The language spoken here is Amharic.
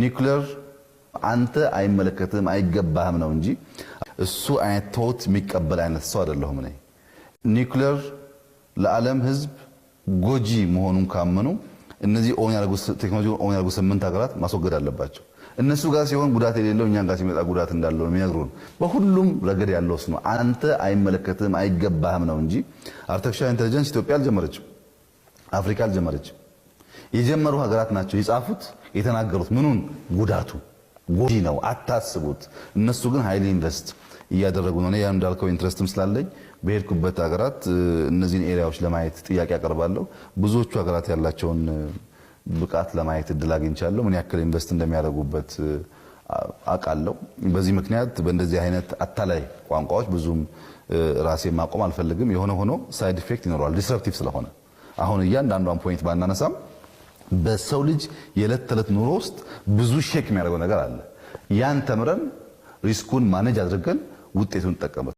ኒውክሌር አንተ አይመለከትም አይገባህም ነው እንጂ እሱ አይነት ተውት የሚቀበል አይነት ሰው አይደለሁም እኔ። ኒውክሌር ለዓለም ሕዝብ ጎጂ መሆኑን ካመኑ እነዚህ ቴክኖሎጂ ኦን ያደረጉ ስምንት ሀገራት ማስወገድ አለባቸው። እነሱ ጋር ሲሆን ጉዳት የሌለው እኛን ጋር ሲመጣ ጉዳት እንዳለው ነው የሚነግሩን። በሁሉም ረገድ ያለው ነው። አንተ አይመለከትም አይገባህም ነው እንጂ አርቲፊሻል ኢንቴሊጀንስ ኢትዮጵያ አልጀመረችም፣ አፍሪካ አልጀመረችም። የጀመሩ ሀገራት ናቸው የጻፉት የተናገሩት። ምኑን ጉዳቱ ጎጂ ነው አታስቡት። እነሱ ግን ሀይሊ ኢንቨስት እያደረጉ ነው። ያ እንዳልከው ኢንትረስትም ስላለኝ በሄድኩበት ሀገራት እነዚህን ኤሪያዎች ለማየት ጥያቄ አቀርባለሁ። ብዙዎቹ ሀገራት ያላቸውን ብቃት ለማየት እድል አግኝቻለሁ። ምን ያክል ኢንቨስት እንደሚያደርጉበት አውቃለሁ። በዚህ ምክንያት በእንደዚህ አይነት አታላይ ቋንቋዎች ብዙም ራሴ ማቆም አልፈልግም። የሆነ ሆኖ ሳይድ ኢፌክት ይኖረዋል ዲስረፕቲቭ ስለሆነ አሁን እያንዳንዷን ፖይንት ባናነሳም በሰው ልጅ የዕለት ተዕለት ኑሮ ውስጥ ብዙ ሼክ የሚያደርገው ነገር አለ። ያን ተምረን ሪስኩን ማነጅ አድርገን ውጤቱን እንጠቀምበት።